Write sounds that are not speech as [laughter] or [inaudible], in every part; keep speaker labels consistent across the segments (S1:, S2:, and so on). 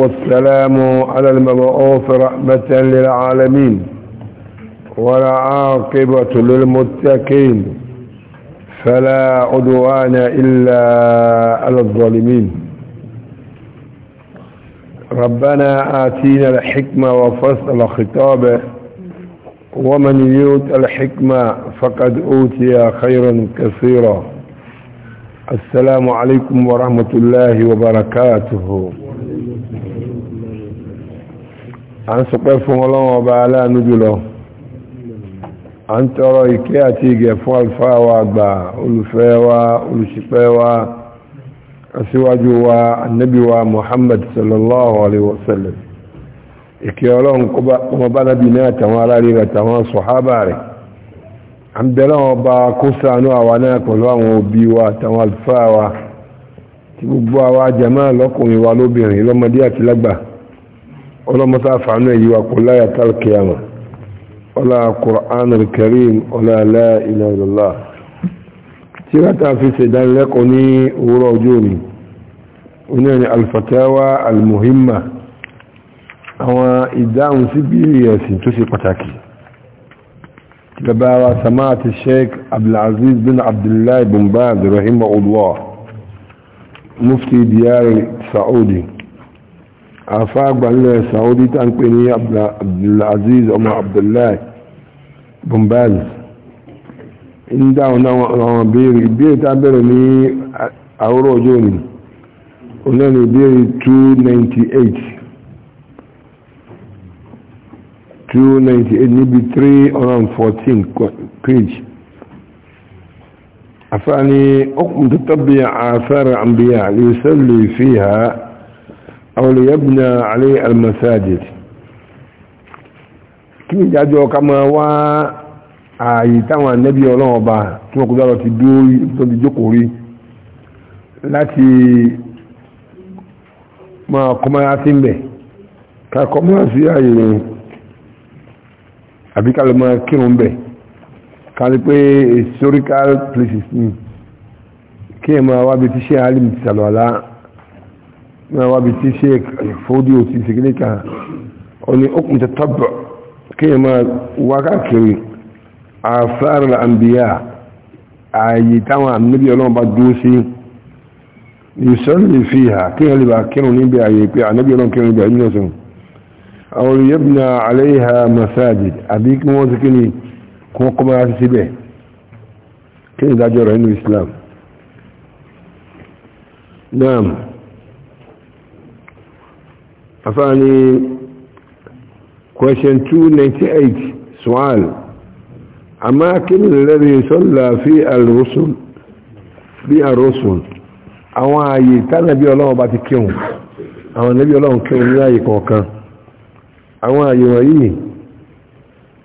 S1: والسلام على المبعوث رحمة للعالمين ولا عاقبة للمتقين فلا عدوان إلا على الظالمين ربنا آتينا الحكمة وفصل خطابه ومن يوت الحكمة فقد أوتي خيرا كثيرا السلام عليكم ورحمة الله وبركاته a ń sọpẹ́ fún ọlọ́wọ́ ọba aláàánú jùlọ a ń tọrọ ìkẹ́ àti ìgẹ̀ fún àlùfáà wa àgbà olùfẹ́ wa olùṣìpẹ̀ wa aṣíwájú wa annabi wa muhammad sallallahu alaihi wasallam ìkẹ́ ọlọ́run kọmọ bá nábi ní àtàwọn aráàlú àtàwọn sọ̀hábà rẹ̀ a ń bẹ̀rẹ̀ ọba kó ṣàánú àwa náà pẹ̀lú àwọn òbí wa àtàwọn àlùfáà wa gbogbo àwa jàmáà lọ́kùnrin wa lóbìnrin lọ́mọdé àti lágbàá ولا متافعنا يواك ولا يتال القيامة ولا قرآن الكريم ولا لا إله إلا الله تيرتا في سيدان لقني وروجوني ونعني الفتاوى المهمة هو إدام سبيل ياسين تسي قتاكي تبارى سماعة الشيخ عبد العزيز بن عبد الله بن باز رحمه الله مفتي ديار السعودي àfáàgbà nílẹ̀ saudi ta ń pè ní abdulaziz ọmọ abdullahi bombaz ń dáhùn àwọn béèrè ìbéèrè tá bẹ̀rẹ̀ ní àwòrán ọjọ́ òní olóòrùn ìbéèrè 298 298 níbi 314 page àfáà ni ọkùnrin tó tọ́bí àfẹ́rẹ̀ àmbíyà lè sẹ́lẹ̀ fíhàá أو ليبنى عليه المساجد kí ni ìdájọ́ ká máa wá ààyè táwọn ànẹ́bí ọlọ́run ọba tí wọ́n kó dára ti dórí tó ti jókòó rí láti máa kọmọ́ra sí mẹ́ ká kọmọ́ra sí ààyè rẹ̀ àbí ká lọ máa kírun bẹ̀ ká ní pé historical places ni kí ẹ máa wá bí ti alim ti ما هو بيتي شيك فودي وتسجنيك أولي أقم تتبع كيما واقع كريم آثار الأنبياء عيتوا النبي الله بدوسي يصلي فيها كيما اللي باكنوا نبي عيبي النبي الله كانوا بيعملوا أو يبنى عليها مساجد أبيك موزكني كون قمرات سبيه كيما دا جرى الإسلام نعم أفاني question 298 سؤال أماكن الذي صلى في الرسل في الرسل àwọn ààyè tánàbí ọlọ́run bá ti kíhùn àwọn ànábì ọlọ́run kíhùn ní ààyè kọ̀ọ̀kan àwọn ààyè wọ̀nyí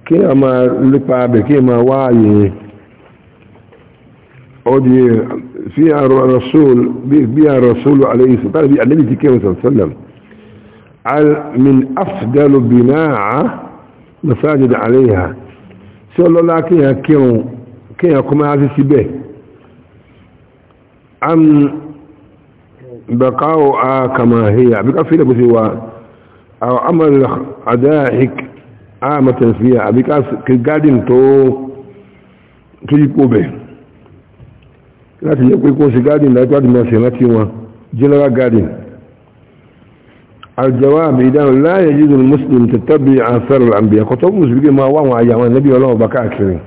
S1: kí a máa lípa abẹ̀ kí a máa wá ààyè yẹn ọdí fi àrọ̀ rasúlù alayhi sallam tánàbí ànábì ti sallallahu من أفضل بناء مساجد عليها سأل الله كي يكون كي يكون هذا سبه أم بقاؤها كما هي بقى في لك أو أمر عدائك عامة فيها بقى كالقادم تو تجيبوا به لا تجيبوا يكون سي لا يتعد ما جنرال قادم الجواب إذا لا يجوز المسلم تتبع آثار الأنبياء كتب مسبق ما وهم أيام النبي الله بكى أكثر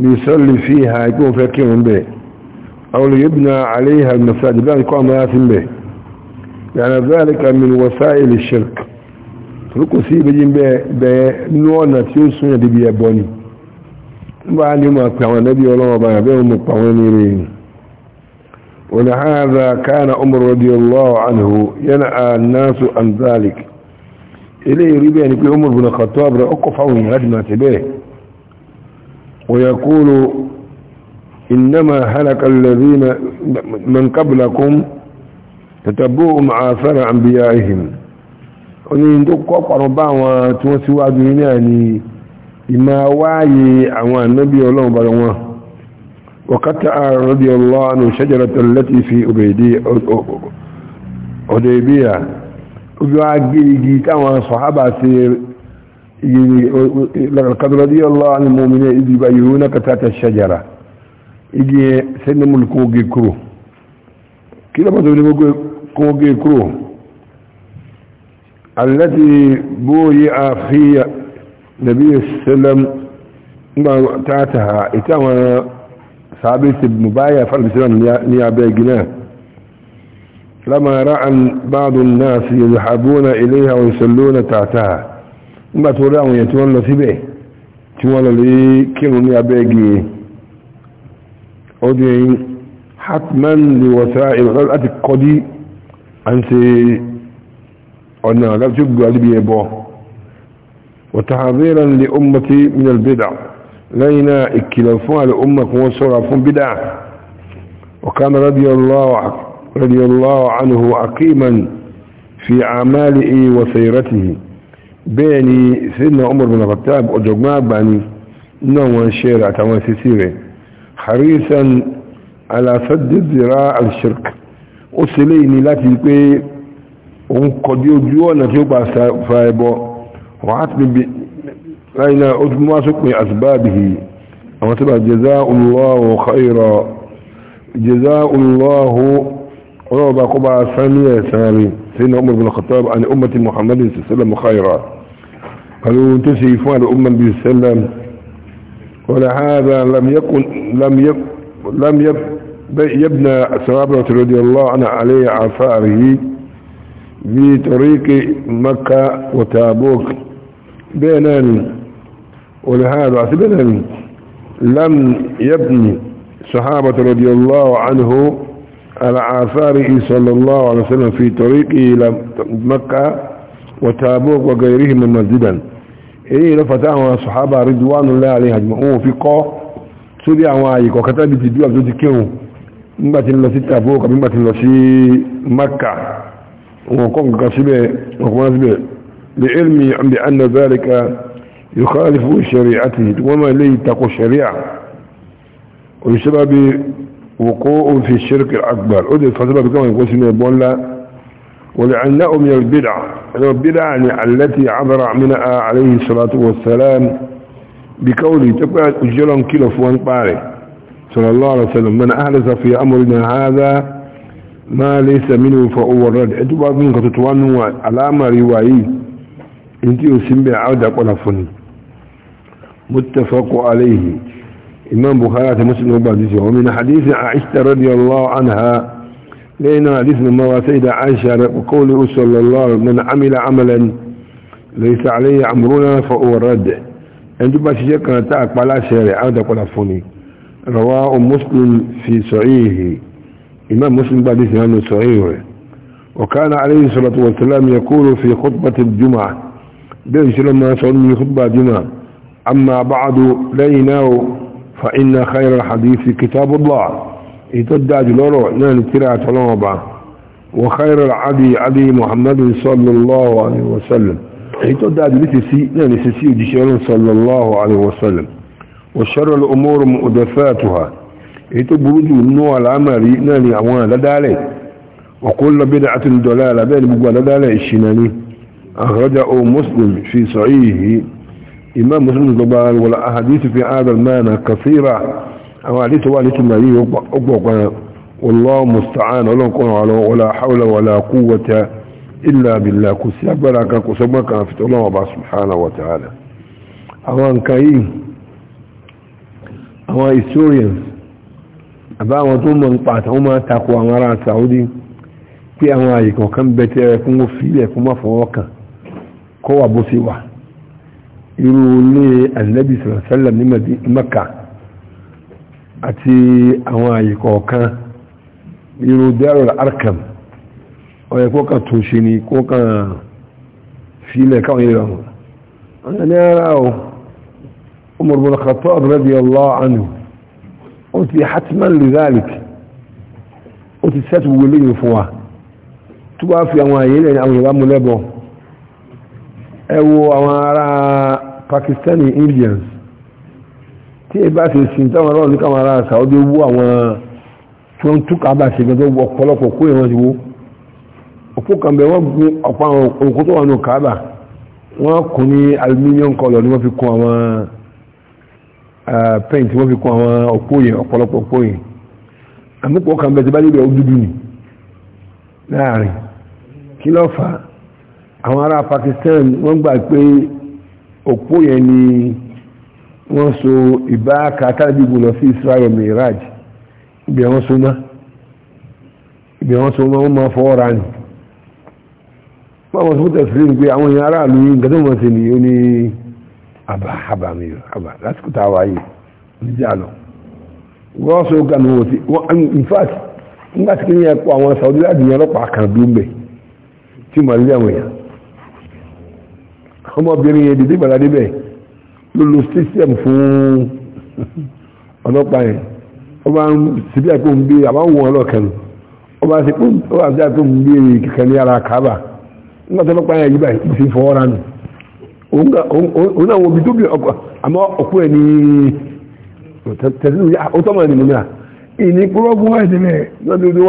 S1: يصلي فيها يكون فاكر به أو ليبنى عليها المساجد لا يكون ياسم به يعني ذلك من وسائل الشرك تركوا سي بجين بنوانا تيوسون يدي بيبوني وعلي ما أكبر النبي الله بكى أكثر ولهذا كان عمر رضي الله عنه ينأى الناس عن ذلك إليه يريد يعني في عمر بن الخطاب رأقف عن هدمة به ويقول إنما هلك الذين من قبلكم تتبعوا مع أثر أنبيائهم oní tó kọ́ pàrọ̀bá àwọn tí وعي síwájú ní àní ìmá وقطع رضي الله عنه شجرة التي في أبيدي أديبية ويعجل كما صحابة لقد رضي الله عن المؤمنين إذ يبايعونك تحت الشجرة إذ سن ملكو كرو كلا ما تقول ملكو كرو التي بويع في نبي السلام تحتها إتما صحابي مبايع فرد سلام نيابة جناه لما رأى بعض الناس يذهبون إليها ويصلون تحتها ما ترى يتولى سبه تولى لي كانوا نيابة أدعي حتما لوسائل غلقة القدي أنت أنا لا تبقى لبي يبوه وتحذيرا لأمتي من البدع لين اكلفوا على امك وصرا فون بدع وكان رضي الله رضي الله عنه عقيما في اعماله وسيرته بيني سيدنا عمر بن الخطاب وجماعه بني نوع شيرة تواسيسيره حريصا على سد الذراع الشرك أسليني التي كي أنقضي جوانا تبقى فايبو وعتب إلى أتماسك من أسبابه أما تبع جزاء الله خيرا جزاء الله ربا قبع سامية سامي سيدنا عمر بن الخطاب عن أمة محمد صلى الله عليه وسلم خيرا قالوا انتسي فعل أمة بن وسلم ولهذا لم يكن لم يب لم يب يبنى سوابرة رضي الله عنه عليه عفاره في طريق مكة وتابوك بينان ولهذا اعتبرني لم يبني صحابة رضي الله عنه على آثاره صلى الله عليه وسلم في طريقه إلى مكة وتابوك وغيرهما مسجدا إيه لفتاهم الصحابة رضوان الله عليه أجمعون في قو سودي عوايك وكتابة ديوة بذكره nígbà tí lọ sí tàbók àbí nígbà tí lọ sí maka wọn kọ́ nǹkan síbẹ̀ wọn kọ́ يخالف شريعته وما لي تقو الشريعة ويسبب وقوع في الشرك الأكبر أدل فسبب كما يقول سنة بولا ولعلهم من البدع البدع يعني التي عبر منها عليه الصلاة والسلام بقوله تبقى أجلا كيلو فوان باري صلى الله عليه وسلم من أحدث في أمرنا هذا ما ليس منه فهو الرد أتبع منك تتوانوا ما رواية انتي يسمى عودة قلفني متفق عليه إمام بخارة مسلم وبعديثه ومن حديث عائشة رضي الله عنها لأن حديث ما سيدة عائشة وقوله صلى الله من عمل عملا ليس عليه أمرنا فهو رد أنت تبقى شجاكا تعق بلا شارع هذا قول فوني رواه مسلم في سعيه إمام مسلم بعديثه عنه سعيه وكان عليه الصلاة والسلام يقول في خطبة الجمعة بين شلما صلى خطبة الجمعة أما بعد لينا فإن خير الحديث كتاب الله يتداج لورو نان ترى تلوبا وخير العدي عدي محمد صلى الله عليه وسلم يتداج لتسي نان سيسي ديشان صلى الله عليه وسلم وشر الأمور مؤدفاتها يتبرج النوع العمل نان عوان لدالي وكل بدعة دلالة بين بقوة لدالي الشناني أخرجه مسلم في صحيحه إمام مسلم الضبال والأحاديث في هذا المعنى كثيرة أحاديث والد النبي والله مستعان ولا حول ولا قوة إلا بالله كسي أبراك كسبك في الله وبعض سبحانه وتعالى أوان كاين أوان historians أباما ثم انقعتهما تقوى مرا سعودي في أوان يكون كم بيتي يكون في لكم فوقا كوا بسيوه irú ilé annabi sallam ní maka àti àwọn àyè kọ̀ọ̀kan irú darul arkam ọ̀yẹ̀ kó kàn tún ṣe ni kó kàn sílẹ̀ káwọn ilé ọ̀hún ọ̀nà ní ara ọ̀ umar bin khattab radiyallahu anhu ó ti hatman li zalik ó ti sẹ́tù àwọn ará Pakistani Indians tí ẹ bá ṣe sin táwọn ọlọ́run ní káwọn ará Saudi wó àwọn tó ń túkà bá ṣe gẹ́gẹ́ ọ̀pọ̀lọpọ̀ kó ìwọ̀n ti wó òpó kan bẹ wọ́n gun ọ̀pọ̀ àwọn òkú tó wà nù Kaaba wọ́n kù ní aluminium color ni wọ́n fi kún àwọn paint wọ́n fi kún àwọn òpó yẹn ọ̀pọ̀lọpọ̀ òpó yẹn àmúpọ̀ kan bẹ ti bá níbẹ̀ ó dúdú ni láàrin kí ló fà àwọn ará Pakistan wọ́n gbà pé òpó yẹn ni wọ́n so ìbáka tàbígun lọ sí Israel miraj ibi wọ́n so mọ́ ibi wọ́n so mọ́ wọ́n máa fọwọ́ ra nì wọ́n sọ tẹ̀sí ní pé àwọn èèyàn aráàlú yìí nǹkan tó mọ̀ sí nìyó ní àbá àbá mi àbá lásìkò tá a wáyé níjà lọ wọ́n so ganu wò sí in fact nígbà tí kí ni ẹ kó àwọn Saudi láti yan ọlọ́pàá kan dúró mbẹ tí mo àwọn èèyàn ọmọbìnrin yẹn dìde ìgbàlá débẹ̀ ló lo stadium fún ọlọ́pàá yẹn ó bá ń síbí àpò ń bí àbá ń wọ ọlọ́ọ̀kan ó bá sípò ó bá síbí àpò ń bí kíkan ní ara kábà nígbà tó ọlọ́pàá yẹn yí báyìí mo sì fọwọ́ ra nù òun náà wo ibi tó bí ọkọ àmọ́ ọkọ ẹ̀ ní tẹ̀sí ó tọ́mọ̀ ẹ̀ nìmúnà ìní púrọ́gún wáyé sílẹ̀ lọ́dún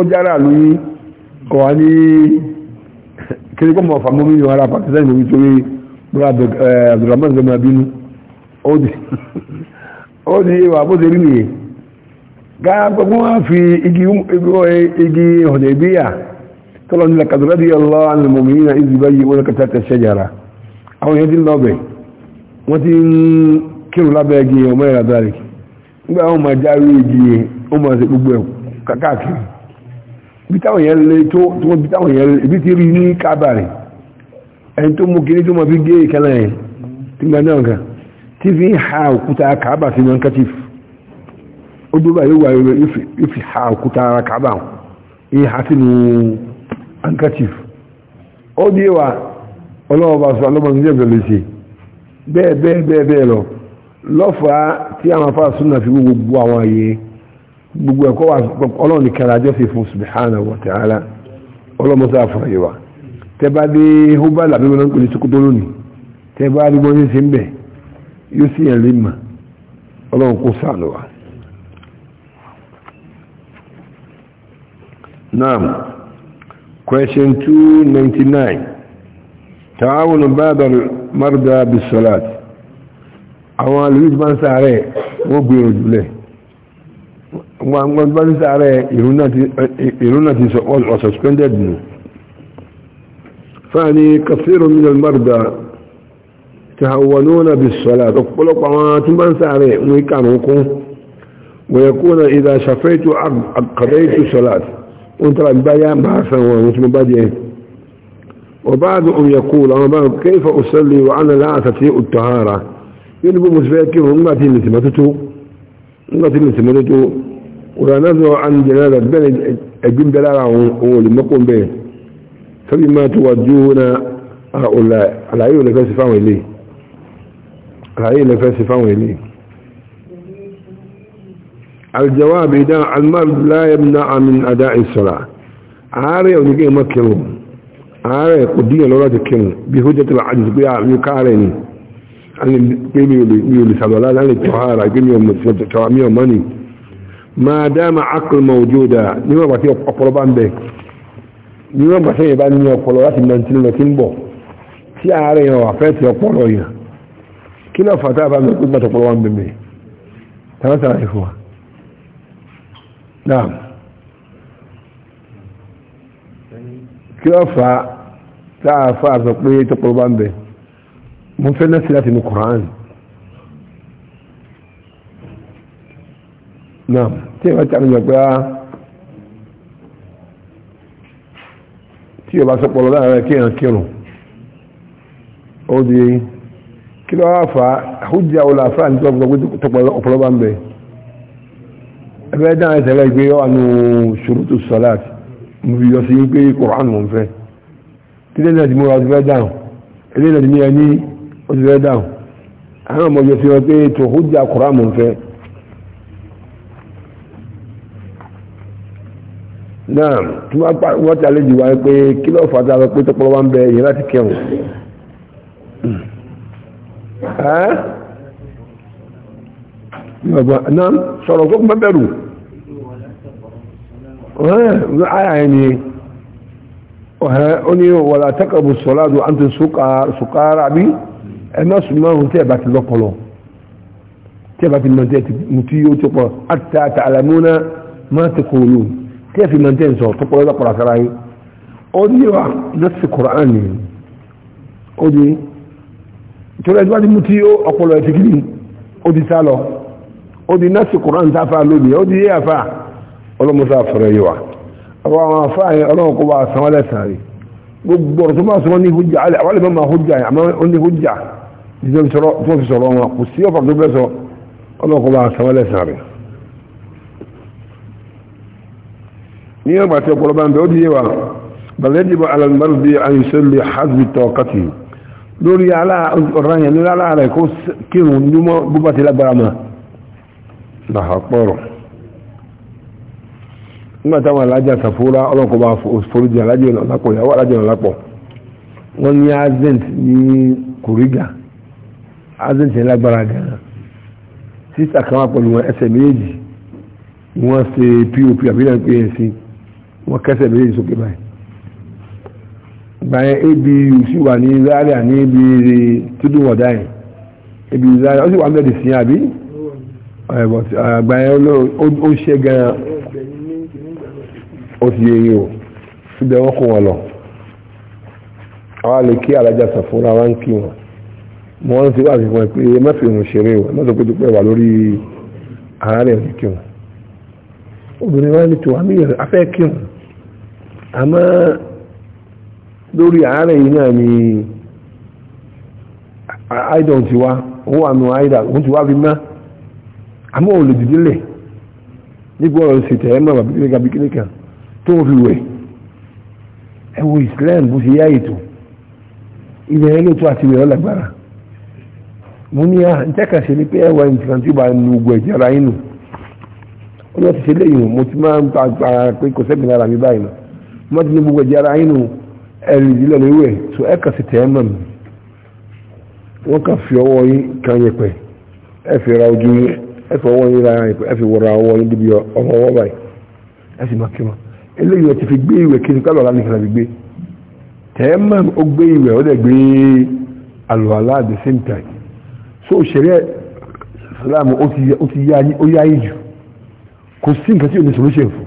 S1: wọ́n bọ́lá abdulrahman eh, zama bínú odi odi wa bó ṣe rí nìyẹn gáàgbọ́ wọ́n fi igi ọ̀dẹ̀ ìgbéyà tọ́lọ ní lakàdùrá di ọlọ́ na ìzìbá yìí wọ́n jara tẹ̀ ṣẹ́jára àwọn èèyàn ti ń lọ́bẹ̀ wọ́n ti ń kírun lábẹ́ igi ọmọ ìràdàrí nígbà wọn máa jáwé igi ó máa ṣe gbogbo ẹ̀ ẹni tó mú kiri tó mọ̀ fi gé ìkẹlẹ̀ ẹ̀ tí gba náà ga tí fi ń ha òkúta kàábà sí yan kẹtìf ó dúró báyìí wà yóò fi ha òkúta ara kàábà ń ha sínú ankẹtìf ó dí wa ọlọ́ọ̀bà sọ alọ́mọ ní ẹ̀bẹ̀ lè ṣe bẹ́ẹ̀ bẹ́ẹ̀ bẹ́ẹ̀ bẹ́ẹ̀ lọ lọ́fàá tí àwọn afá súnà fi gbogbo àwọn àyè gbogbo ẹ̀kọ́ wa ọlọ́ọ̀nì kẹrẹ ajọ́sìn fún subhanahu wa ta'ala ọlọ́mọ sáà fún àyè wa tẹ́bá dé hubal àbí wọn pèlè sokoto lónìí tẹ́bá rí wọ́n ṣe ń bẹ̀ yóò sì yẹn lè mà ọlọ́run kó sàánù wa. naam question two ninety nine taawun baadal marda bisolat àwọn alùpùpù tí wọ́n ń wọ́n gbé òjò lẹ̀ wọ́n ti sọ ọ̀ suspended nù. ثاني كثير من المرضى تهونون بالصلاة تقلق ما تنبان سعري ويكانوكم ويكون إذا شفيت قضيت صلاة وانت رأي بحثا ومثم بادية وبعضهم يقول أنا كيف أصلي وأنا لا أستطيع الطهارة يلبو مسفاكر هم باتين لسمتته هم باتين لسمتته ونزعوا عن جنازة بني أجيب دلالة هو لمقوم به فبما توجهون هؤلاء العيون اللي فاسفان إليه العيون اللي فاسفان إليه الجواب إذا المرض لا يمنع من أداء الصلاة عاري أو نجي مكرون عاري قدية لولا تكرون بهجة العجز بيع يكارني أن يقول لسالولا أن التهارة يقول يوم ماني ما دام عقل موجودا نيوم باتي أقربان به ní wọ́n bá sẹ́yìn bá ní ọpọlọ láti mọ tí lọ kí ń bọ̀ tí ààrẹ yẹn wà fẹ́ ti ọpọlọ yẹn kí lọ fàtà bá mi pín pàtàkì wọn bẹ̀mẹ̀ tàbí sàrà ìfọ̀ náà kí lọ fà tá a fà sọ pé tọpọlọ bá ń bẹ mo fẹ́ náà sí láti ní Quran náà tí ìwà tí a pé á. Ah, tí ọba sọpọlọ láàrin kéèyàn kírun ó di kí ló wá fà á àhújá ọlọ àfáà ní tọpọlọ ọpọlọ bá ń bẹ ẹgbẹ́ dáhùn ẹsẹ̀ rẹ̀ gbé ọ̀nù ṣòrútù sọ́láàt mo fi yọ sí pé kòránù mọ̀ ń fẹ́ tí lẹ́yìn náà ti múra ọdún fẹ́ dáhùn eléyìí náà ní ẹni ọdún fẹ́ dáhùn àwọn ọmọ yọ sí wọn pé tòhújá kòránù mọ̀ ń fẹ́ náà tí wọ́n tàlẹ́ jù wá pé kí ló fàtà lọ pé tọ́pọ̀ wá ń bẹ èyí láti kẹun náà sọ̀rọ̀ kó kún bẹ́bẹ̀rù ayà ẹni ó ní wàlá taqrabu sọ́ládù àti sùkárà bí ẹ̀nà sùnmọ́rún tẹ́ bá ti lọ́pọ̀lọ́ tẹ́ bá ti mọ̀ tẹ́ mú tí yóò tẹ́pọ̀ àtàtà àlàmúnà má tẹ́kọ̀ọ́ lóòrùn tẹ́ẹ̀fì máa ń tẹ́ẹ̀ sọ tọ́pọ̀ lọ́dọ̀ pọ̀lá sára yín ó ní wa lọ́sì kùrán ni ó di ìtura ẹni wá ti mú tí ọpọlọ ẹ̀ ti kiri ó di sá lọ ó di nọ́sì kùrán tá a fa lónìí ó di yé àfa ọlọ́mọsá fọ̀rọ̀ yìí wa àwọn àwọn afa yẹn ọlọ́run kó wa san wálẹ̀ sàrí gbogbo ọ̀rọ̀ tó máa sọ ní hujja àwọn àlẹ́ máa hujja àmọ́ ó ní hujja tí wọ́n wọn kò sí ọ̀fà tó bẹ́ sọ ọlọ́run kó wa san wálẹ̀ sàrí. ní ọgbà tí ọpọlọ bá ń bẹ ó di yé wa bàlẹ́dìbò alàmọ́lùdí àyíṣẹ́lẹ̀ hasbitọ̀ kàtì lórí ọ̀ranyàn ní lára rẹ̀ kó kírun nímọ́ búbá ti lágbára ma làhàpọ̀rọ̀ nígbàtàwọn alájà sàfúrá ọlọ́kọ̀ọ́bá foríjì alájẹ́ ọ̀lápọ̀ ìyàwó alájẹ́ ọ̀lápọ̀ wọ́n ní azent ní kòrígà azent ní lágbára gan sísà kan wà pẹ̀lú ẹsẹ̀ méjì bi wọ́n kẹsẹ̀ méjì sókè báyìí gbàyẹn ebi sì wà ní zaria ní ebi tudu wọ̀dá yẹn ebi zaria ó sì wà mẹ́rin sí àbí gbàyẹn ó ṣe gan ó ti yẹ o síbẹ̀ wọ́n kó wọn lọ àwọn lè kí alájà sàfúnra wa ń kí wọn mo wọ́n ti wá àfihàn pé mẹ́fìrún ṣeré o mọ́tò pé dúpẹ́ wà lórí àárẹ̀ òní kí wọn obìnrin wa ní tiwọn àmì yẹn afẹ́ kí àmọ́ lórí àárẹ̀ yìí náà ni aidan ti wá owó àmì aidan òun ti wá fi mọ́ àmọ́ ò lè dìde lẹ̀ ọ̀rọ̀ sì tẹ̀ ẹ́ mọ̀ bàbí kíníkà fi wẹ̀ ẹ Islam bó ṣe yá ètò ilẹ̀ ẹ̀ àti mo ní à ń tẹ́ka ṣe ni pé ẹwà nǹkan tí ó bá nu ogun ẹ̀jẹ̀ ara yín nù ó ti ṣe léyìn mo ti máa ń pa pé kò sẹ́gbìn mọ́tílé gbogbo ìjára inú ẹ̀rì ìdílẹ̀ léwẹ̀ tó ẹ̀kà sí tẹ́ẹ̀mọ̀ mi wọ́n kà fi ọwọ́ yín kan yẹpẹ̀ ẹ fi ra ojú yín ẹ fi ọwọ́ yín ra yẹpẹ̀ ẹ fi wọra ọwọ́ yín débi ọmọ ọwọ́ báyìí ẹ sì máa kí wọn eléyìí ti fi gbé ìwẹ̀ kí n kálọ̀ ọ̀la nìkan fi gbé tẹ́ẹ̀mọ̀ ó gbé ìwẹ̀ ó dẹ̀ gbé àlùhàlà at the same time so òṣèré Islam ó ti yá yín jù kò sí nǹkan tí ò ní solution fún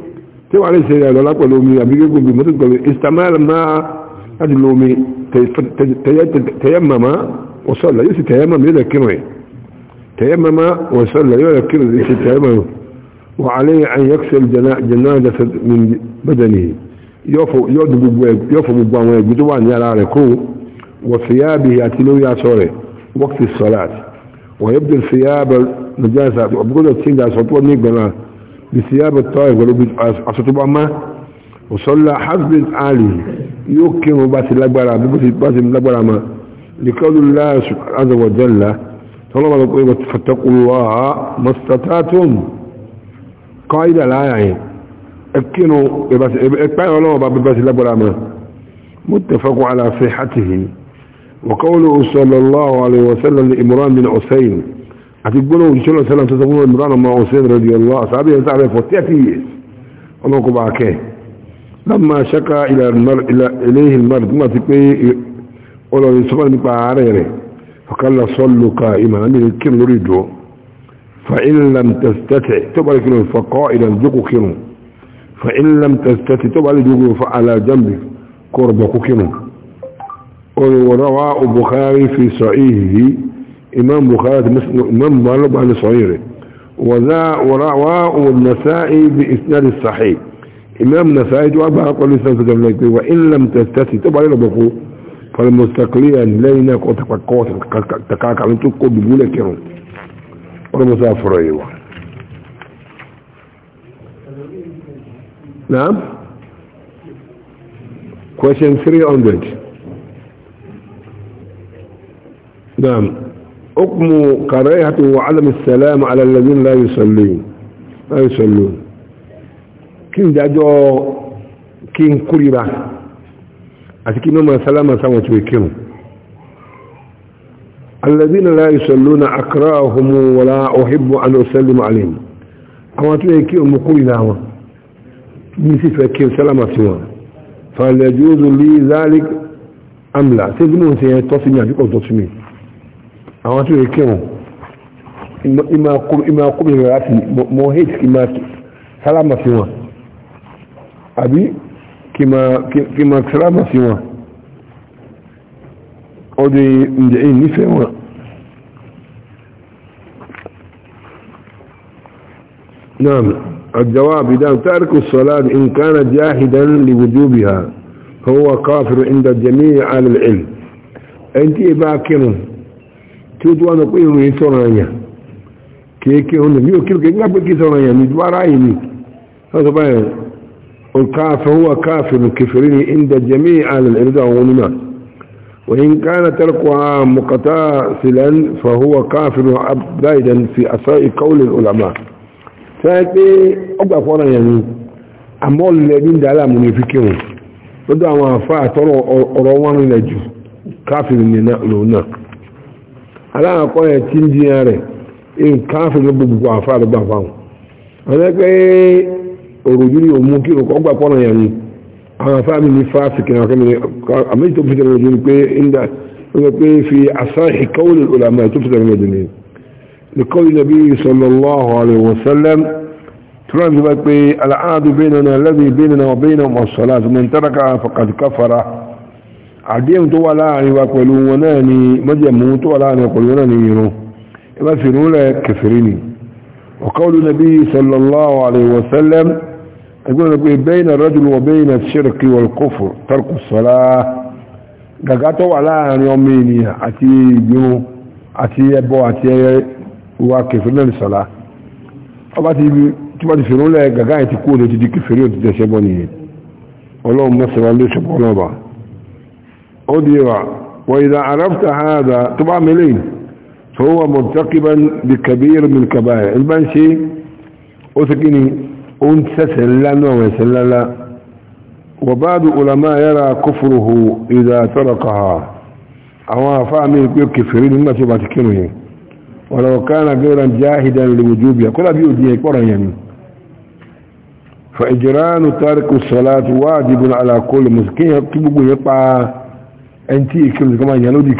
S1: tí wọ́n lè ṣe ìrànlọ́lá pẹ̀lú omi àbí gígùn bí mọ́tò pẹ̀lú istamara máa láti lo omi tẹ̀yẹ́màmá wọ́sọ̀lá yóò sì tẹ̀yẹ́màmá yóò lè kírun ẹ̀ tẹ̀yẹ́màmá wọ́sọ̀lá yóò lè kírun ẹ̀ sì tẹ̀yẹ́màmá وعليه أن يكسر جنازة من بدنه يوفو مبوان ويقدوان يلاركو وثيابه أتلو يا سوري وقت الصلاة ويبدل ثياب النجاسة وبقول السنة سطوة نيقنا بثياب الطائف ولو عصته ما وصلى حسب عالي يكم بات الأكبر بات الأكبر ما لقول الله عز وجل طلب لكم فاتقوا الله ما استطعتم قائد الآية يعني. اكنوا اكبروا الله بات الأكبر ما متفق على صحته وقوله صلى الله عليه وسلم لإمران بن حسين أتقبله إن شاء الله سلام تتقبله إمران مع حسين رضي الله أصحابه يتعرف وتأتي الله قبعك لما شكا إلى المر... إلى... إليه المرض ما تقبله أولا يسمى نقع عريره فقال صلوا قائما أمين الكم نريده فإن لم تستطع تبارك له فقائلا جقو كنو فإن لم تستطع تبارك له فعلى جنب قربك كنو وروى البخاري في صحيحه إمام بخاري مسلم إمام مالك عن صغيره وذا ورواه النسائي بإسناد الصحيح إمام نسائي جوابها قول لسان وإن لم تستثي تبع إلى بقو فالمستقليا لينا قوتك قوتك تكاك على تقو بقولة كيرون والمسافر أيوة نعم question 300 نعم حكم كراهته وعلم السلام على الذين لا يصلون لا يصلون كين داجو كين كوريبا أتكين ما سلام سوى تويكين الذين لا يصلون أكراهم ولا أحب أن أسلم عليهم أما تويكين مقولنا نسي فكين سلام سوى فلا لي ذلك أم لا تزمون سيتصمي أجيكم تصمي àwọn tó yẹ kírun ìmọ̀ akóbìnrin rẹ̀ láti mọ̀ hate kí máa sálámà sí wọn àbí kí máa sálámà sí wọn ọdún ìjẹ́ ìyìn nífẹ̀ẹ́ wọn نعم الجواب إذا تارك الصلاة إن كان جاهدا لوجوبها فهو كافر عند الجميع على العلم أنت باكر tí ó tíwá lọ pé irun yìí sọ̀rọ̀ ẹ̀yà kéèké òun lè ní òkèlùkè nígbà pé kí sọ̀rọ̀ ẹ̀yà ní ìdúrà ráyè ni wọ́n sọ báyìí الكافر هو كافر كفرين عند جميع أهل الإرضاء والعلماء وإن كان تركها مقتاسلا فهو كافر أبدا في أساء قول العلماء فهذه أبقى فورا يعني أمول الذين دعلا منافقين بدأ ما فاتروا أروان لجو كافر لنا aláàkọ́ yẹn tí ń di yẹn rẹ̀ nǹkan àfẹ́lẹ́ gbogbo àfa àlùgbà fáwọn àwọn ẹgbẹ́ òròjú ni òun mú kí òkọ́ gbà pọ́nà yẹn ni àwọn afá mi ní fásitì kìnnà kẹ́mi ní àmì tó fi tẹ̀lé lójú ni pé ńdà wọ́n pé fi àṣà ìkọ́wé lè lọ́la mọ́ tó fi tẹ̀lé ni lùkọ́ ìnàbí sallallahu alaihi wasallam تران زبك بيننا الذي وبينهم الصلاة من تركها فقد كفر àdéhùn tó wà láàrin wa pẹ̀lú wọn náà ni mọ́jẹ̀mú tó wà láàrin pẹ̀lú wọn náà ni irun ẹbá fi irun rẹ̀ kẹfìrí ni ọ̀kọ́lù nàbí sallallahu alaihi wasallam ẹgbẹ́ rẹ̀ pé bayna rajul wa bayna shirki wal kufr tarku salah gàgá tó wà láàrin ọmọ ènìyàn àti ìgbìmọ̀ àti ẹbọ àti wa kẹfìrí náà sọlá ọba ti fi irun rẹ̀ gàgá yẹn ti kú òdò ti di kẹfìrí òdì أدير وإذا عرفت هذا طبعا ملين فهو مرتقبا بكبير من الكبائر البنشي أثقني أنت سسلان ويسلل وبعض العلماء يرى كفره إذا تركها أو فاهمي كفرين الناس يباتكينه ولو كان غيرا جاهدا لوجوبها كل أبي يديه كورا يعني فإجران تارك الصلاة واجب على كل مسكين يبقى ẹntì ìkírùn kama ìyàn lódì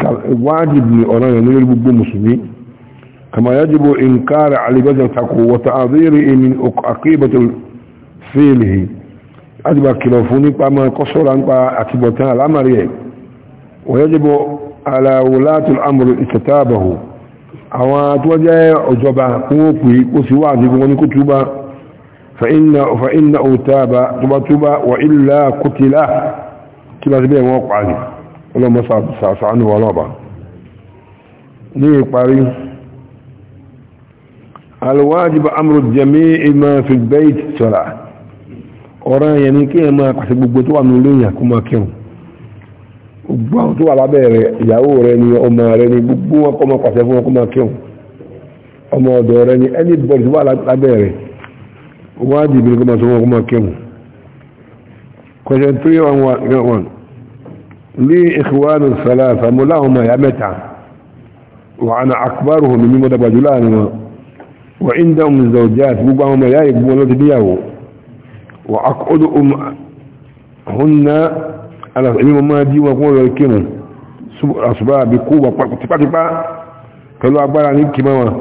S1: wájìbì ọ̀nà ìyàn lórí gbogbo mùsùlùmí kama yajibu inkara alibajin tako wata aziri emin akibatul filihi ajibà kìlọ̀ fún nípa ma kọ́sọ́ra nípa àtibọ̀tán alámàrí ẹ̀ wọ́n yajibu alawulatul amuru ìtàtàbàhù àwọn atúwọ́jẹ́ ọjọba kún ó pè kó sí wà ní gbogbo ní kó túbá فإن فإنه تاب تبتب وإلا قتلا كما تبين وقع عليه ọlọ́mọ sàánù wọn lọ́ba ní ìparí alwájib amru jami'i ma fi bayt sọ́la ọ̀rọ̀ yẹn ni kí ẹ máa pàṣẹ gbogbo tó wà nílé ìyà kó máa kírun gbogbo àwọn tó wà lábẹ́ rẹ̀ ìyàwó rẹ̀ ni ọmọ rẹ̀ ni gbogbo wọn kọ́ máa pàṣẹ fún wọn kó máa kírun ọmọ ọ̀dọ̀ rẹ̀ ni anybody tó wà lábẹ́ rẹ̀ wájib ni kó máa sọ لي إخوان ثلاثة ملاهما يا متع وأنا أكبرهم من مدبجلان وعندهم الزوجات بقاهما يا يبقون لديه وأقعد أم هن على ما مادي وقول لكم أصبع بقوة تبا تبا قالوا أكبر عن الكمامة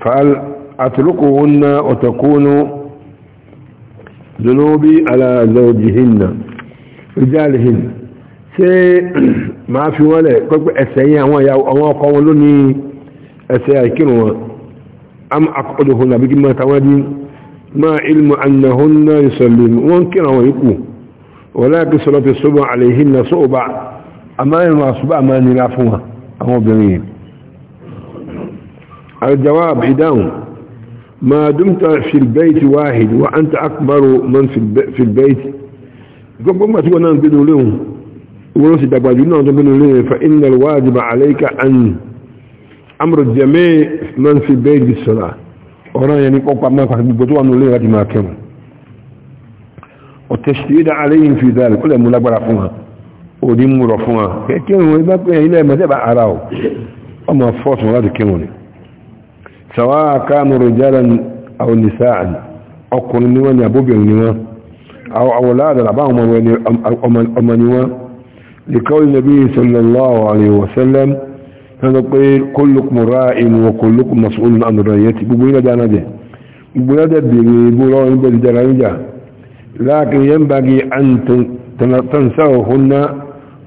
S1: فقال أتركهن وتكون ذنوبي على زوجهن رجالهن ṣé [clears throat] màá fi wọ́n lẹ̀ pẹ́pẹ́ ẹsẹ̀ yẹn àwọn ìyá àwọn ọkọ wọn lónìí ẹsẹ̀ àìkírun wọn am akọ́dọ̀hún àbí kí máa tàwọn dín máa ilmu annahun náà yusallin wọ́n kíra wọn yìí kù wọ́n láti sọ̀rọ̀ fi sọ́bọ̀ àlèhìn náà sọ́ọ̀bà àmọ́ ìrìn àṣùbà àmọ́ nira fún الجواب إداهم ما دمت في البيت واحد وأنت أكبر من في البيت قبل ما تقول أنا لهم wọ́n sì dàgbà jù náà tó bínú lè fa iná wájú bá aláìka an amúrò jẹ́mẹ́ man fi bẹ́ẹ̀ di sọ́la ọ̀rọ̀ yẹn ní pọ́pá máa pàtàkì gbogbo tó wà nílé láti máa kẹrù ọ̀tẹ̀ sí dá aláìyìn fi dá lè kọ́lẹ̀ mú lágbára fún wa ó ní mú rọ̀ fún wa kẹrù wọn bá pé ilé ẹ̀mọ́ tẹ́ bá ara لقول النبي صلى الله عليه وسلم هذا قيل كلكم راع وكلكم مسؤول عن رعيته بقول ده انا ده بقول ده بيقولوا بالدرجة لكن ينبغي أن تنسوهن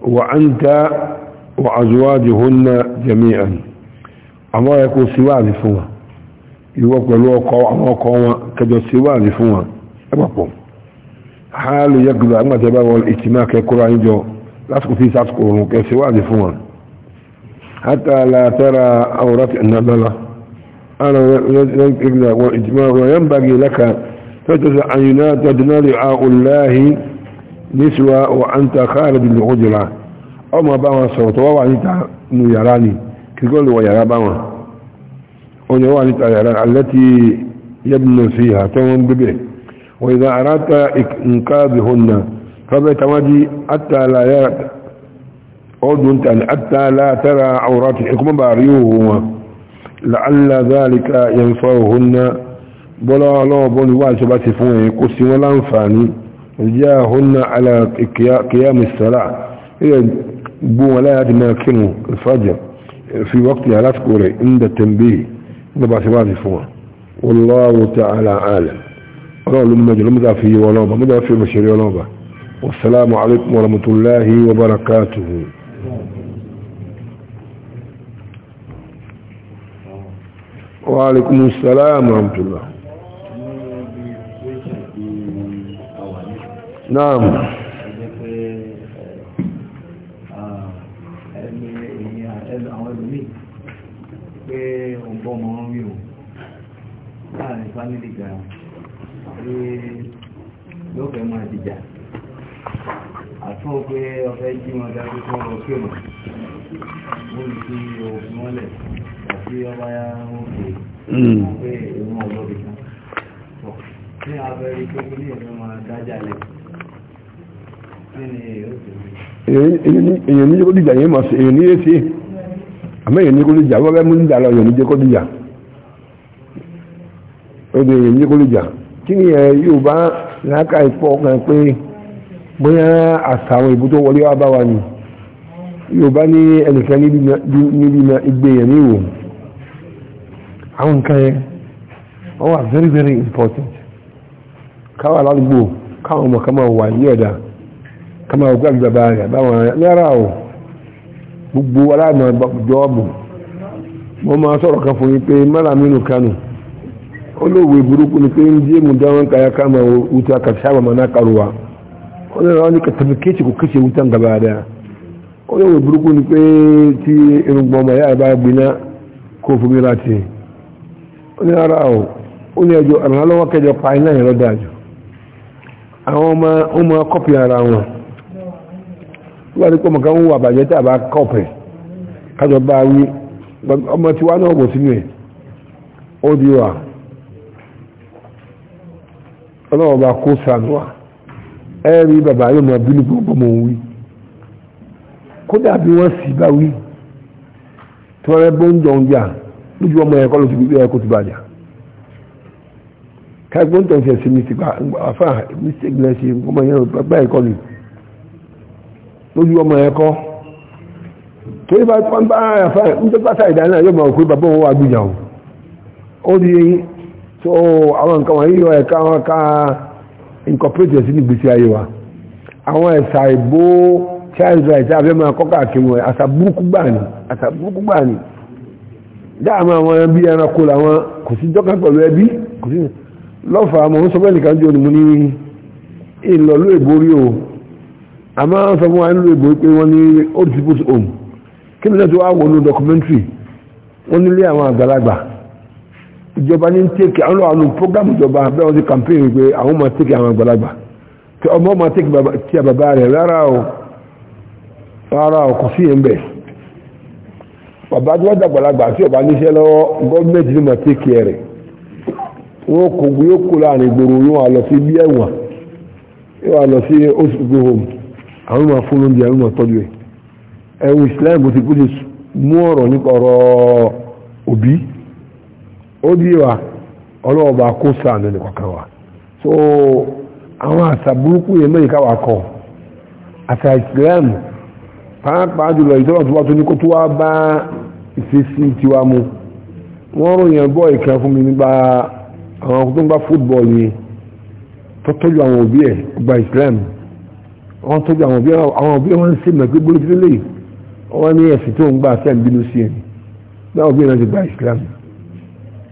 S1: وأنت وأزواجهن جميعا أما يكون سواد فما يوقع الوقع أما قوة كجو سواد فما أبقوا حال يقضى أما تبقى والإتماع كقرآن جو lásìkò tí sásìkò òun kẹsì wà ní fún wọn hátà látara àwòrán ìnàbàlá ana yankin wa ijma wa yanbaghi laka fataza an yunata dinari a'ullahi niswa wa anta kharij al-ujra aw ma ba wa sawta wa anta nu yarani kigol wa yara ba wa on yawa ni tayara allati yabnu fiha tawon bibi wa idha arata inqadhunna فبيت وجهي حتى لا يرى أود أنت حتى لا ترى عوراتي حكم باريوهما لعل ذلك ينفعهن بلا لا بل واجبات فوين كسي ولا انفاني جاهن على قيام الصلاة إيه بو لا يدماكنه الفجر في وقت لا تقولي عند التنبيه نبع سباتي فوين والله تعالى عالم قالوا مجل مدافي ولوبة مدافي بشري ولوبة والسلام عليكم ورحمة الله وبركاته وعليكم السلام ورحمة الله نعم
S2: Yeah. fún ọ pé ọ̀fẹ́ jí wọn dájú tí wọ́n lọ pè mọ́ ó lè fi òfin mọ́lẹ̀ àti ọba ya wọn pè hmm. pé òun ọ̀dọ́ bì kan pọ̀ ní abẹ́rẹ́ pé kí ní ìlú máa dájà lẹ̀ kí ni ó sì
S1: rí. èèyàn ní kó dìjà yẹn mọ̀ sí èèyàn ní yé sí àmọ́ èèyàn ní kó dìjà wọ́n fẹ́ mú níjà lọ èèyàn ní jẹ́ kó dìjà ó di èèyàn ní kó dìjà kí ni yóò bá láákà ìfọ̀ kan pé bóyá àtàwọn ìbú tó wọlé wá bá wa ni yóò bá ní ẹnìkan níbi na igbe yẹn ní ìwò àwọn nǹkan yẹn wọ́n wà very very important káwà ládùúgbò káwọn ọmọ kan máa wà ní ọ̀dà ká máa gbá gbàgbà rẹ̀ báwọn lára ò gbogbo aláàmà jọ́ọ̀bù wọ́n máa sọ̀rọ̀ kan fún yín pé mọ́là mínú kánù ó lóòwe burúkú ni pé ń díèmù dáwọn káyà ká máa wúta kàṣà àmàmà náà kàrùwà ọlọ́run ka ní kàtàkì kò kéṣe wutan gaba daya olóòwò burúkú ni pe ti irùngbọ̀n ọmọ a bá gbiná ko fún mi láti ó ní ara ọ̀ ó ní ẹjọ́ àrànlọ́wọ́ kẹjọ pa iná ìrọ́ dájú àwọn ọmọ ọmọ kọ́pì ya wọn wọ́n ní pọ́ mọ̀ká ń wà bàjẹ́ a bá kọ́pì ẹ̀rí bàbá yóò máa bínú fún ọmọ òun wí kódà bí wọ́n sì bá wí tí wọ́n rẹ́ bó ń jọ ń jà lójú ọmọ ẹ̀kọ́ ló ti gbé ẹ̀kọ́ ti bàjá káàkiri tó ń ṣe sí mistake àfà mistake náà ṣe ọmọ yẹn ẹ̀kọ́ ni lójú ọmọ ẹ̀kọ́ bá pọ́n bá àfà ìdáná yóò máa kó bàbá òun wà gbìyànjú ó di àwọn nǹkan wọ̀nyí yọ ẹ̀ka wọn incorporate yẹn sí ní gbèsè ayé wa àwọn ẹ̀sà ìbò child rights abẹ́ máa kọ́ káàkiri wọn àṣà burúkú gbà ní àṣà burúkú gbà ní dáàmú àwọn bí ẹranko làwọn kò sí dọ́kà pẹ̀lú ẹbí kò sí lọ́fà àmọ́ ń sọ bẹ́ẹ̀ nìkan jẹ́ onímọ̀ ní ìlọ́lú ìborí o àmọ́ sọ fún wa nílò ìborí pé wọ́n ní old people's home kí ni lẹ́tọ́ wá wọnú documentary wọ́n nílé àwọn àgbàlagbà ìjọba ní tèkì àwọn àwọn programu ìjọba bẹ́ẹ̀ wọ́n ti campaign wípé àwọn ọmọ tèkì àwọn àgbàlagbà tí ọmọ ọmọ tèkì tí a bàbá rẹ̀ rárá o rárá o kò sí ẹ̀ bàbá tí wọ́n tí ọba níṣẹ́ lọ́wọ́ gọ́ọ̀mẹ̀ntì ní tèkì rẹ̀ wọ́n kò yóò kó láàrin ìgboro yóò wà lọ sí ẹ̀wọ̀n yóò wà lọ sí o dí wa ọlọ́ọ̀bà kó sáànù ní kọ̀kan wa so àwọn àṣà burúkú yẹn mẹ́rin káwà kọ àṣà Islam pàápàá jùlọ ìjọba tó bá tó ní kó tó wá bá ìṣesí tiwa mu wọ́n ròyìn ẹ̀bọ́ ìkan fún mi nípa àwọn tó ń gbá fútbọ̀l yẹn tó tọ́jú àwọn òbí ẹ̀ gba Islam wọ́n tọ́jú àwọn òbí àwọn òbí wọn ń ṣe mọ̀ pé gbólóṣèlú wọ́n ní ẹ̀sìn tó ń gbà sẹ́ẹ̀ sí ẹ̀ ní gba Islam.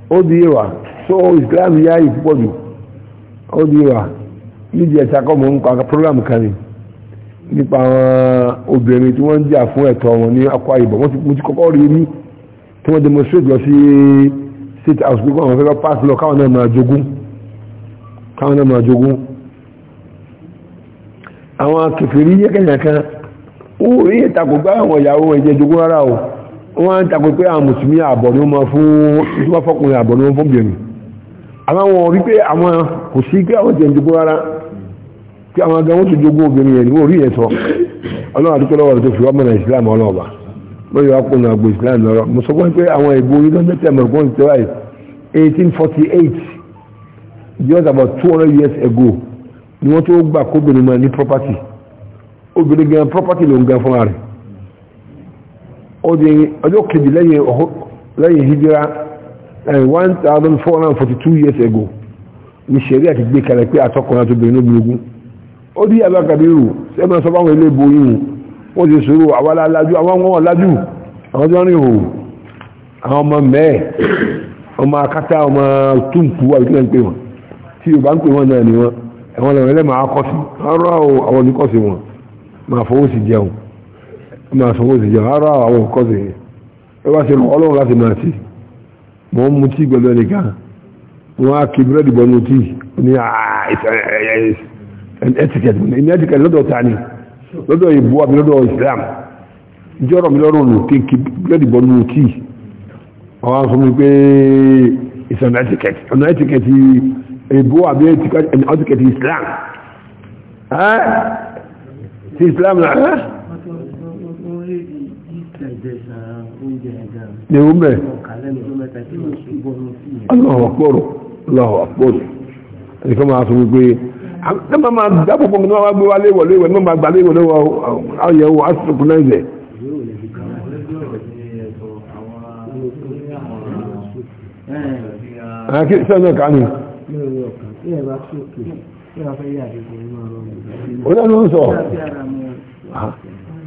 S1: ó di ìwà tó islam yá yìí púpọ̀ jù ó di ìwà nídìí ẹ̀ta kọ́ mọ̀ nípa program kan ni nípa àwọn obìnrin tí wọ́n ń jà fún ẹ̀tọ́ wọn ní Akwa Ibom wọ́n ti kọ́kọ́ rí rí tí wọ́n demonstrate lọ sí state house pé wọ́n fẹ́ lọ pass lọ káwọn náà máa jogún káwọn náà máa jogún àwọn kẹfìrí yẹ́kẹ̀yàn kan ó rí ìtakò gbá àwọn ìyàwó ẹ̀jẹ̀ rárá o wọ́n ń takò pé àwọn mùsùlùmí àbọ̀ ni wọ́n máa fún wọ́n fọkùnrin àbọ̀ ni wọ́n fún bìnrin àwọn wọn rí pé àwọn kò sí pé àwọn jẹun jogún rárá pé àwọn agan wọn ti jogún obìnrin yẹn ni wọ́n rí yẹn sọ ọlọ́run àdúgbò lọ́wọ́ rẹ̀ tó fi wọ́n mọ̀nà ìsìlámù ọlọ́ọ̀bà lórí wa kùnà àgbo ìsìlámù lọ́rọ̀ mo sọ pé àwọn ìbò onídọ́jọ́ tẹ̀mọ̀ ìgbọ́n ti tẹ́wáyé 1848 just about 200 years ago ni wọ́n tó gbà kóbìnrin máa ní property obìnrin gan property ló ń gan fúnra rẹ̀ odi ọjọ́ kejì lẹ́yìn hijira 1442 eh, years ago ni sẹ̀rí àti gbé kalẹ̀ pé àtọkùnrin àti obìnrin lógúnlógún ó dí abakabiru sẹ́mọ̀ sọ fáwọn ilé ìbòyìn wọ́n ti sọ̀rọ̀ àwọn alájú àwọn ọmọ alájú àwọn tí wọ́n rìn hò àwọn ọmọ mẹ́ẹ̀ ọmọ akátá ọmọ túnkù àbíkílẹ̀ ń máa sanwó ìsìnjọ ara àwọn nǹkan sì ẹ bá ṣe ràn ọlọ́run láti máa sí mọ́ ń mutí gbẹ̀lẹ́ nìkan wọ́n á kí búrẹ́dì bọ́ mutí ní ah, eh, eh, eh, etiquette ní etiquette lọ́dọ̀ ta ni lọ́dọ̀ ìbú àbí lọ́dọ̀ Islam ìjọ́rọ̀ mi lọ́rùn lò kí búrẹ́dì bọ́ mutí ọwọ́n fún mi pé it's an etiquette an etiquette ìbú àbí etiquette Islam ẹ́ ti Islam náà ní ewu mẹ́ Allahu Akbar Allahu Akbar ẹ̀kọ́ máa sọ wípé nígbà ah, máa dápòpọ̀ nígbà máa gbé wá léwọ̀ léwọ̀ nígbà máa gbà léwọ̀ léwọ̀ ayẹwo asopinaize sẹ́nà kánú onílù ń sọ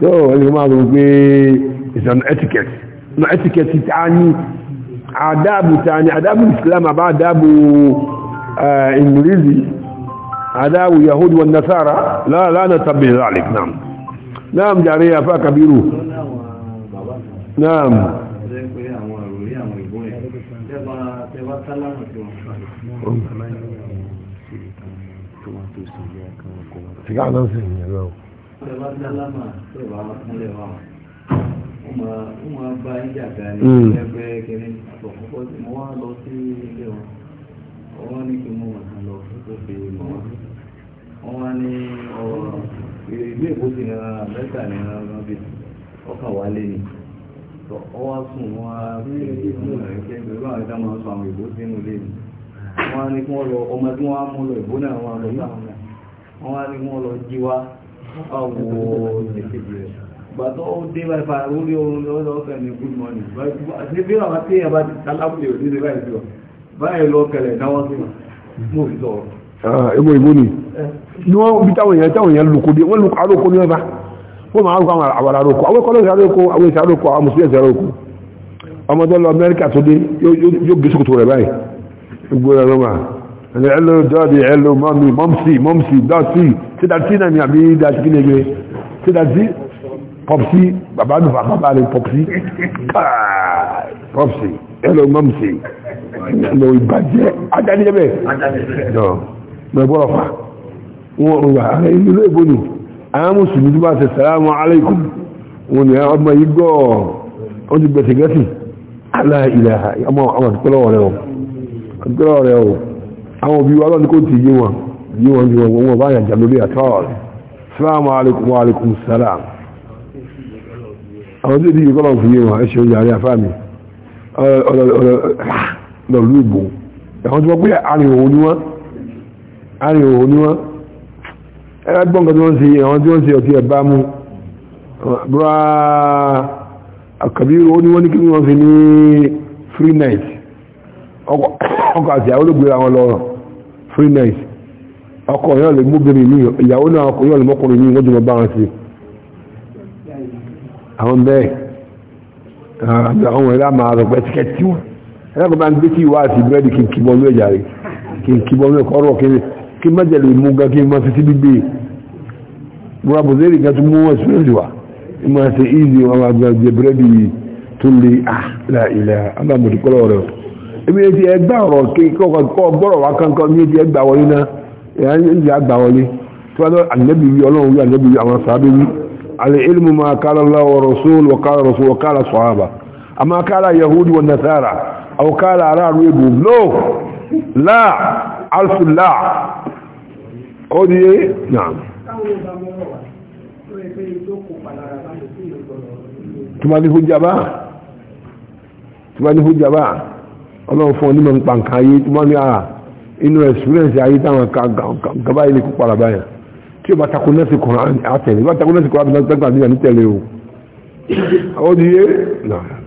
S1: yóò ah, ẹni máa sọ wípé it's an etiquette etiquette tani adabu tani adabu islam aba adabu ingilizi adabu yahudi wa nasara la la natabi dhalik naam naam jaria fa kabiru naam
S2: Ficaram assim, não. wọ́n máa bá yín jàgbá ní ẹgbẹ́ kẹrin àkọ́kọ́ tí mo wá lọ sí ilé wọn wọ́n ní kí mo mọ̀ lọ tó fi mọ̀ wọ́n wá ní ìlú èkó wọn bí wá lé ọ sùn wọn á fi kí sọ àwọn sínú ní kí lọ ọmọ tí á mú lọ náà lọ náà gbàtọ́ ó dé báyìí fa orí oorun lọ́dọ̀ ọ̀fẹ́ ní good morning báyìí bí wọ́n ti yẹn bá ti talábùlé òní ní báyìí sí ọ báyìí lọ kẹlẹ̀ dáwọ́ sí wọn mú òfin sọ̀rọ̀.
S1: ẹgbẹ́ ìbò ni eh? ni wọ́n bí táwọn èèyàn táwọn èèyàn lùkọ́ dé wọ́n lùkọ́ aróko ní ọba wọ́n máa ń kọ́ àwọn aróko àwọn ẹ̀kọ́ lọ́sẹ̀ aróko àwọn èsì aróko àwọn mùsùlùmí ẹ̀sẹ̀ aróko ọmọ tó lọ Amẹ́ríkà tó dé yóò gbé sókòtò rẹ̀ báyìí gbogbo ẹ̀rọ máa ẹni ẹlò dọ́ọ̀dì ẹlò mọ́mí mọ́msì mọ́msì dọ́ọ̀tì tí náà ni àbí dàtí kí pọ̀pùsí bàbá nù bàbá rẹ̀ pọ̀pùsí pọ̀pùsí ẹlò mọ́mùsí ẹlò ìbàjẹ́ adáníyẹ́bẹ̀ lọ́gbọ́rọ̀fà wọ́n wà ilé ìbò nù àwọn mùsùlùmí tó bá ṣe sàlámù aláìkùm wọn ni ọmọ yìí gọ́ ọ ti gbẹ̀sẹ̀ gẹ́sì aláìlẹ̀ ọmọ àtúkọ́lọ́wọ̀ rẹ̀ o àwọn òbí wa lọ́nà kó ti yé wọn yé wọn yé wọn wọn bá yàn jà lórí àtọ́ọ̀lù sàlámù aláìkùm wa sàlámù àwọn tí ìdíje kọ́lọ̀ fún yíwọ̀n ẹ̀ṣẹ̀ oúnjẹ àrí àfáàmì lọ́lú ìbò ẹ̀wọ́n tí wọ́n pé arìnrìn òun ni wọ́n arìnrìn òun ni wọ́n ẹ̀rọ gbọ́n kan tí wọ́n ṣe ẹ̀wọ́n tí wọ́n ṣe ọtí ẹ̀bá mú bra àkàbírò ó ní wọ́n ní kí wọ́n fi free night ọkọ̀ àti àwọn olóògbé àwọn lọ free night ọkọ̀ yóò lè mú obìnrin ní ìyàwó náà ọkọ̀ yóò lè mọ́kùnrin ní wọ́n jùmọ̀ bá wọn sí àwọn bẹ́ẹ̀ àwọn ẹ̀rọ máa rọ̀ tí wọ́n ẹ̀rọ bá ń gbé tí wá sí búrẹ́dì kí n kí bọ́nú ẹ̀jà rẹ̀ kí n kí bọ́nú ẹ̀kọ́ rọ̀ kí mẹ́jẹ̀ lè mú gan kí n máa fi sí gbígbé burabuzeri gan tó mú wọn sí lórí wa ẹ máa ṣe ízi wọn máa gbẹ búrẹ́dì tó lè àlà rẹ̀ ebi ti ẹgbà ọ̀rọ̀ kọ́ gbọ́rọ̀ wá kankan ní العلم ما قال الله ورسول وقال رسول وقال الصحابة أما قال يهود والنصارى أو قال على ريبهم لو لا عرف الله أودي نعم tuma ni hujja ba tuma ni hujja ba ọlọ́run fún onímọ̀ nípa nǹkan ayé tuma ni a inú experience ayé táwọn gaba ilé kó tí o bá takò nẹ́ẹ̀sì kùnrin àtẹ̀lé bá takò nẹ́ẹ̀sì kùnrin àtẹ̀lé bá takò nẹ́ẹ̀sì kùnrin àtẹ̀lé o. àwọn ti yé náà.